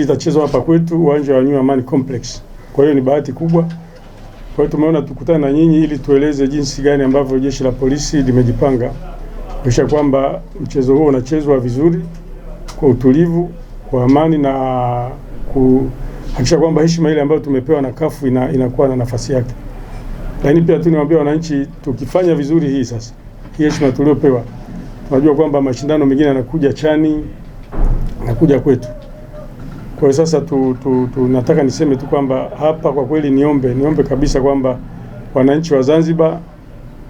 itachezwa hapa kwetu uwanja wa New Amani Complex. Kwa hiyo ni bahati kubwa. Kwa hiyo tumeona tukutane na nyinyi ili tueleze jinsi gani ambavyo jeshi la polisi limejipanga kuhakikisha kwamba mchezo huo unachezwa vizuri, kwa utulivu, kwa amani na kuhakikisha kwamba heshima ile ambayo tumepewa na kafu ina, inakuwa na nafasi yake. Lakini pia tuniwaambia wananchi, tukifanya vizuri hii sasa, hii heshima tuliopewa, tunajua kwamba mashindano mengine yanakuja chani, yanakuja kwetu. Kwa hiyo sasa tu, tu, tu, niseme tu kwamba hapa kwa kweli niombe niombe kabisa kwamba wananchi wa Zanzibar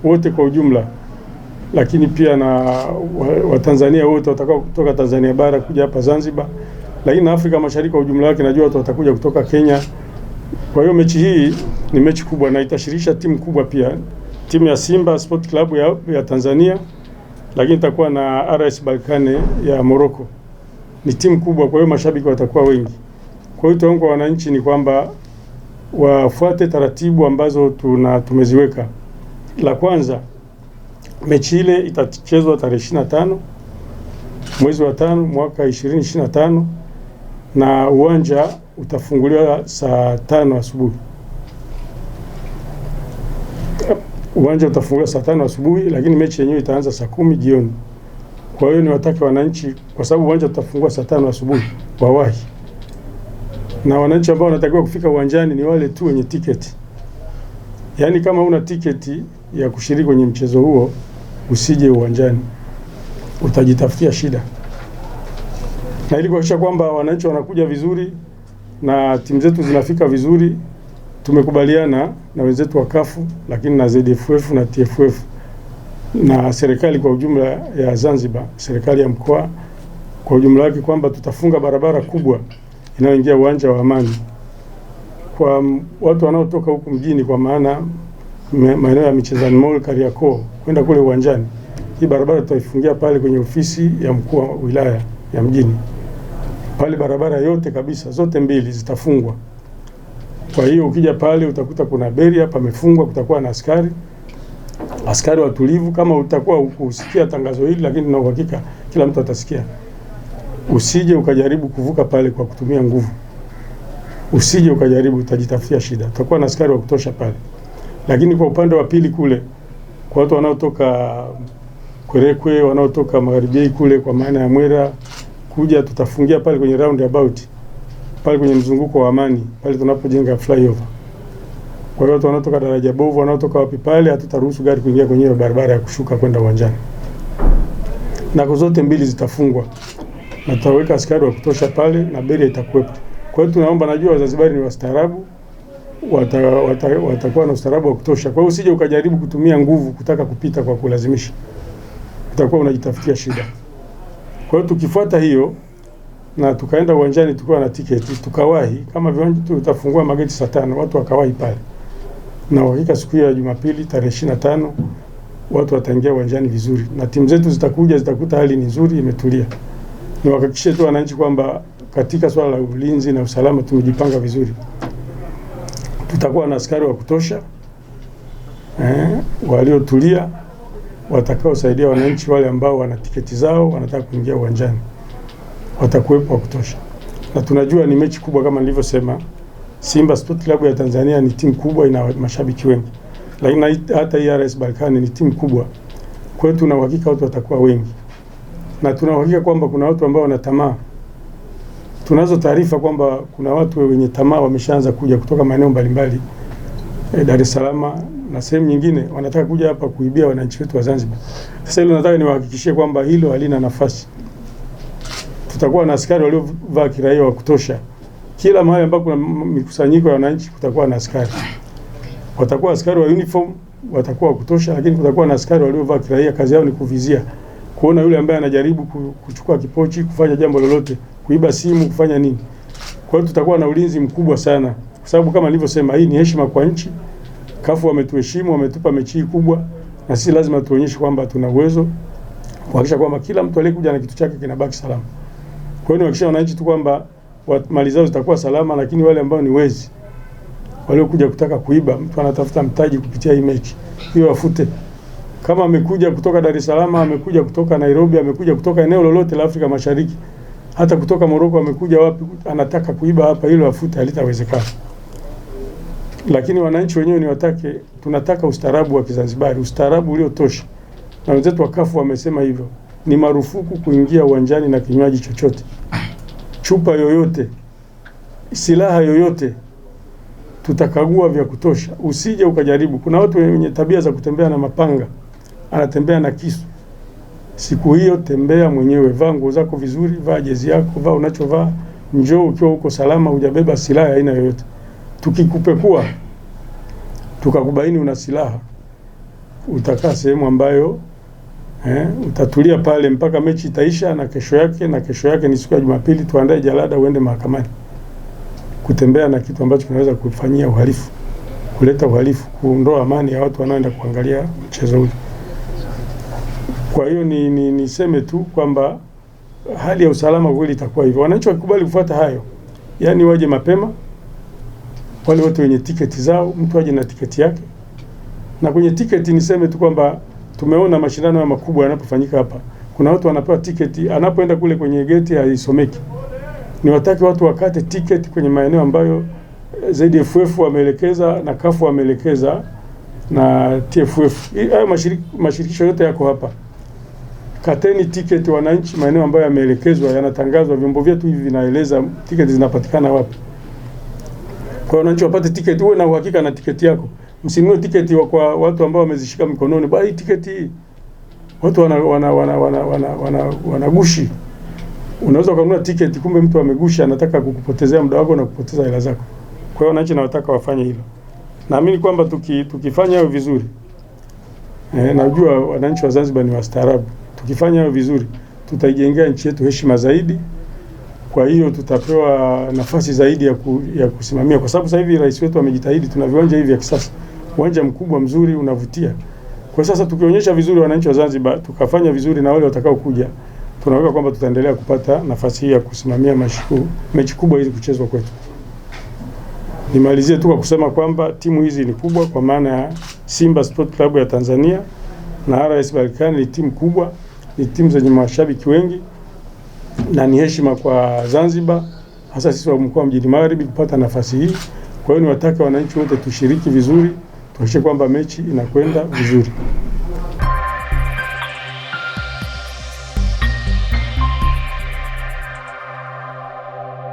wote kwa ujumla, lakini pia na Watanzania wote watakao kutoka Tanzania bara kuja hapa Zanzibar, lakini na Afrika Mashariki kwa ujumla wake, najua watu watakuja kutoka Kenya. Kwa hiyo mechi hii ni mechi kubwa na itashirikisha timu kubwa pia, timu ya Simba Sport Club ya, ya Tanzania, lakini itakuwa na RS Balkane ya Morocco ni timu kubwa, kwa hiyo mashabiki watakuwa wengi. Kwa hiyo tuongo wananchi ni kwamba wafuate taratibu ambazo tuna tumeziweka. La kwanza, mechi ile itachezwa tarehe 25 mwezi wa tano mwaka 2025 na uwanja utafunguliwa saa tano asubuhi. Uwanja utafunguliwa saa tano asubuhi, lakini mechi yenyewe itaanza saa kumi jioni. Kwa hiyo niwataka wananchi, kwa sababu uwanja tutafungua saa tano asubuhi wa wawahi, na wananchi ambao wanatakiwa kufika uwanjani ni wale tu wenye tiketi. Yaani kama una tiketi ya kushiriki kwenye mchezo huo usije uwanjani, utajitafutia shida. Na ili kuhakikisha kwamba wananchi wanakuja vizuri na timu zetu zinafika vizuri, tumekubaliana na wenzetu wa CAF lakini na ZFF na TFF na serikali kwa ujumla ya Zanzibar, serikali ya mkoa kwa ujumla wake kwamba tutafunga barabara kubwa inayoingia uwanja wa Amani kwa watu wanaotoka huku mjini, kwa maana maeneo ya Michezani Mall, Kariakoo kwenda kule uwanjani. Hii barabara tutaifungia pale kwenye ofisi ya mkuu wa wilaya ya mjini pale, barabara yote kabisa zote mbili zitafungwa. Kwa hiyo ukija pale utakuta kuna beria pamefungwa, kutakuwa na askari askari watulivu. Kama utakuwa ukusikia tangazo hili, lakini na uhakika kila mtu atasikia. Usije ukajaribu kuvuka pale kwa kutumia nguvu, usije ukajaribu, utajitafutia shida. Tutakuwa na askari wa kutosha pale. Lakini kwa upande wa pili kule kwa watu wanaotoka Kwerekwe, wanaotoka Magharibi kule, kwa maana ya Mwera kuja, tutafungia pale kwenye roundabout pale kwenye mzunguko wa Amani pale tunapojenga flyover. Kwa hiyo watu wanaotoka daraja bovu, wanaotoka wapi pale, hatutaruhusu gari kuingia kwenye barabara ya kushuka kwenda uwanjani. na kwa zote mbili zitafungwa na tutaweka askari wa kutosha pale na beria itakuwepo. Kwa hiyo tunaomba, najua Wazanzibari ni wastaarabu, watakuwa wata, wata na ustaarabu wa kutosha. Kwa hiyo usije ukajaribu kutumia nguvu kutaka kupita kwa kulazimisha, utakuwa unajitafutia shida. Kwa hiyo tukifuata hiyo na tukaenda uwanjani tukiwa na tiketi tukawahi, kama viwanja tutafungua mageti saa tano, watu wakawahi pale na uhakika siku ya Jumapili tarehe tano watu wataingia uwanjani vizuri, na timu zetu zitakuja zitakuta hali ni nzuri, imetulia. Niwahakikishie tu wananchi kwamba katika swala la ulinzi na usalama tumejipanga vizuri. Tutakuwa na askari wa kutosha eh, waliotulia watakaosaidia wananchi wale ambao wana tiketi zao wanataka kuingia uwanjani, watakuwepo wa kutosha, na tunajua ni mechi kubwa kama nilivyosema. Simba Sport Club ya Tanzania ni timu kubwa, ina mashabiki wengi, lakini hata hii e RS Berkane ni timu kubwa. Kwa hiyo tuna uhakika watu watakuwa wengi, na tuna uhakika kwamba kuna watu ambao wana tamaa. Tunazo taarifa kwamba kuna watu wenye tamaa wameshaanza kuja kutoka maeneo mbalimbali e, Dar es Salaam na sehemu nyingine, wanataka kuja hapa kuibia wananchi wetu wa Zanzibar. Sasa hilo nataka niwahakikishie kwamba hilo halina nafasi. Tutakuwa na askari waliovaa kiraia wa kutosha kila mahali ambapo kuna mikusanyiko ya wananchi kutakuwa na askari. Watakuwa askari wa uniform, watakuwa wa kutosha, lakini kutakuwa na askari waliovaa kiraia. Kazi yao ni kuvizia, kuona yule ambaye anajaribu kuchukua kipochi, kufanya jambo lolote, kuiba simu, kufanya nini. Kwa hiyo tutakuwa na ulinzi mkubwa sana, kwa sababu kama nilivyosema, hii ni heshima kwa nchi. Kafu wametuheshimu, wametupa mechi hii kubwa, na sisi lazima tuonyeshe kwamba tuna uwezo kuhakikisha kwamba kila mtu aliyekuja na kitu chake kinabaki salama. Kwa hiyo ni kuhakikisha wananchi tu kwamba mali zao zitakuwa salama, lakini wale ambao ni wezi waliokuja kutaka kuiba, mtu anatafuta mtaji kupitia hii mechi hiyo, afute kama amekuja kutoka Dar es Salaam, amekuja kutoka Nairobi, amekuja kutoka eneo lolote la Afrika Mashariki, hata kutoka Morocco, amekuja wapi, anataka kuiba hapa, hilo afute, halitawezekana. Lakini wananchi wenyewe ni watake, tunataka ustaarabu wa Kizanzibari, ustaarabu uliotosha, na wenzetu wa wamesema hivyo, ni marufuku kuingia uwanjani na kinywaji chochote chupa yoyote, silaha yoyote, tutakagua vya kutosha, usije ukajaribu. Kuna watu wenye tabia za kutembea na mapanga, anatembea na kisu. Siku hiyo tembea mwenyewe, vaa nguo zako vizuri, vaa jezi yako, vaa unachovaa, njoo ukiwa huko salama, hujabeba silaha ya aina yoyote. Tukikupekua tukakubaini una silaha, utakaa sehemu ambayo Eh, utatulia pale mpaka mechi itaisha na kesho yake na kesho yake ni siku ya Jumapili, tuandae jalada uende mahakamani kutembea na kitu ambacho kinaweza kufanyia uhalifu, kuleta uhalifu, kuondoa amani ya watu wanaoenda kuangalia mchezo huu. Kwa hiyo ni, ni niseme tu kwamba hali ya usalama kweli itakuwa hivyo. Wananchi wakikubali kufuata hayo, yaani waje mapema, wale wote wenye tiketi zao, mtu aje na tiketi yake, na kwenye tiketi niseme tu kwamba tumeona mashindano ya makubwa yanapofanyika hapa, kuna watu wanapewa tiketi, anapoenda kule kwenye geti haisomeki. wataki watu wakate tiketi kwenye maeneo ambayo eh, ZFF wameelekeza na CAF wameelekeza na TFF. Hayo mashirikisho yote yako hapa. Kateni tiketi wananchi, maeneo ambayo yameelekezwa, yanatangazwa, vyombo vyetu hivi vinaeleza tiketi zinapatikana wapi, kwa wananchi wapate tiketi. Uwe na uhakika na tiketi yako msinunue tiketi kwa watu ambao wamezishika mikononi, bali tiketi watu wana wana wana wana wana, wana, wana gushi. Unaweza kununua tiketi kumbe mtu amegusha, anataka kukupotezea muda wako na kupoteza hela zako. Kwa hiyo wananchi nawataka wafanye hilo. Naamini kwamba tuki, tukifanya hayo vizuri eh, najua wananchi wa Zanzibar ni wastaarabu. Tukifanya hayo vizuri tutaijengea nchi yetu heshima zaidi. Kwa hiyo tutapewa nafasi zaidi ya, ku, ya kusimamia, kwa sababu sasa hivi rais wetu amejitahidi, tuna viwanja hivi vya kisasa uwanja mkubwa mzuri unavutia. Kwa sasa tukionyesha vizuri wananchi wa Zanzibar, tukafanya vizuri na wale watakao kuja, tunaweka kwamba tutaendelea kupata nafasi hii ya kusimamia mashiku, mechi kubwa hizi kuchezwa kwetu. Nimalizie tu kwa kusema kwamba timu hizi ni kubwa kwa maana ya Simba Sport Club ya Tanzania na RS Berkane ni timu kubwa, ni timu zenye mashabiki wengi na ni heshima kwa Zanzibar, hasa sisi wa mkoa wa Mjini Magharibi kupata nafasi hii. Kwa hiyo niwataka wananchi wote tushiriki vizuri tuhakikishe kwamba mechi inakwenda vizuri.